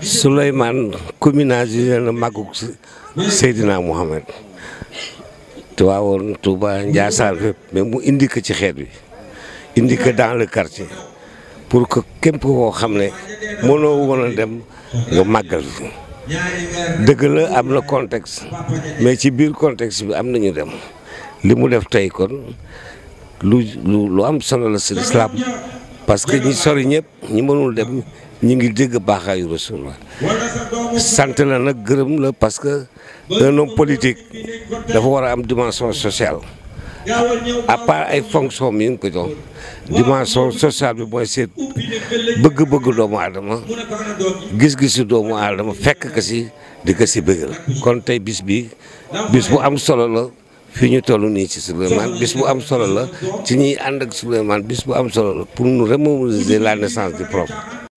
Souleymane communalisé na màggug Seydina Mouhamed Tiwaawoon Touba Ndiassane fépp mais mu indi ci xeet bi indi ko dans le quartier pour que képp koo xam ne mënoo woon a dem nga màggal dëgg la am na contexte mais ci biir contexte bi am na ñu dem li mu def tey kon lu lu am solo la si lislaam parce que ñi sori ñëpp ñi mënul dem ñu ngi dégg baaxaayu Rasulullah sant la nag gërëm la parce que un homme politique dafa war a am dimension sociale à ay fonction mi ngi ko jox dimension sociale bi mooy seet bëgg-bëgg doomu aadama gis-gisu doomu aadama fekk ka si di ko si bëggal kon tey bis bi bis bu am solo la fii ñu toll nii ci Souleymane bis bu am solo la ci ñuy ànd ak Souleymane bis bu am solo la pour nous remémoriser la naissance du prophète